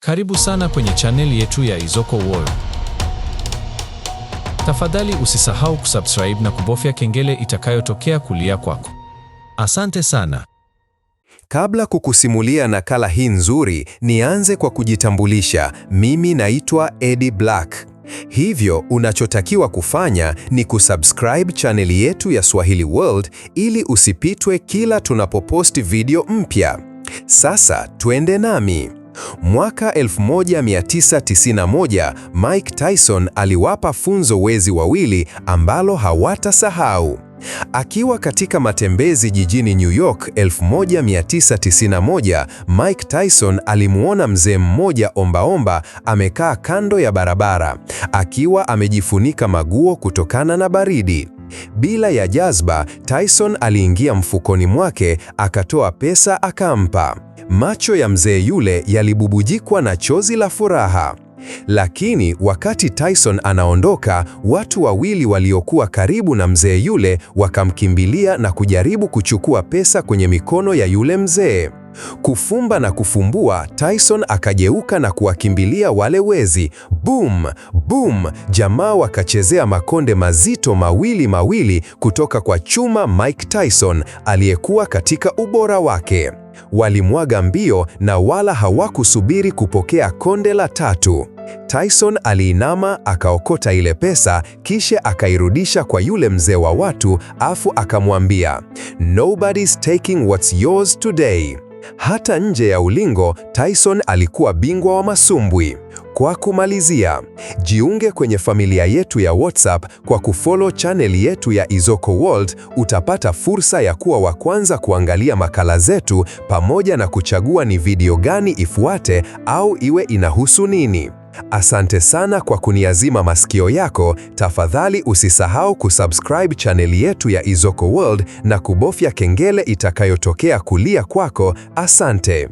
Karibu sana kwenye chaneli yetu ya Izoko World. Tafadhali usisahau kusubscribe na kubofya kengele itakayotokea kulia kwako. Asante sana. Kabla kukusimulia nakala hii nzuri, nianze kwa kujitambulisha. Mimi naitwa Eddie Black. Hivyo unachotakiwa kufanya ni kusubscribe chaneli yetu ya Swahili World ili usipitwe kila tunapoposti video mpya. Sasa twende nami. Mwaka 1991 Mike Tyson aliwapa funzo wezi wawili ambalo hawatasahau. Akiwa katika matembezi jijini New York 1991, Mike Tyson alimuona mzee mmoja ombaomba amekaa kando ya barabara, akiwa amejifunika maguo kutokana na baridi. Bila ya jazba, Tyson aliingia mfukoni mwake akatoa pesa akampa. Macho ya mzee yule yalibubujikwa na chozi la furaha. Lakini wakati Tyson anaondoka, watu wawili waliokuwa karibu na mzee yule wakamkimbilia na kujaribu kuchukua pesa kwenye mikono ya yule mzee. Kufumba na kufumbua, Tyson akageuka na kuwakimbilia wale wezi. Boom, boom, jamaa wakachezea makonde mazito mawili mawili kutoka kwa chuma Mike Tyson aliyekuwa katika ubora wake. Walimwaga mbio na wala hawakusubiri kupokea konde la tatu. Tyson aliinama akaokota ile pesa kisha akairudisha kwa yule mzee wa watu afu akamwambia, Nobody's taking what's yours today hata nje ya ulingo, Tyson alikuwa bingwa wa masumbwi. Kwa kumalizia, jiunge kwenye familia yetu ya WhatsApp kwa kufollow channel yetu ya Izoko World. Utapata fursa ya kuwa wa kwanza kuangalia makala zetu pamoja na kuchagua ni video gani ifuate au iwe inahusu nini. Asante sana kwa kuniazima masikio yako. Tafadhali usisahau kusubscribe chaneli yetu ya Izoko World na kubofya kengele itakayotokea kulia kwako. Asante.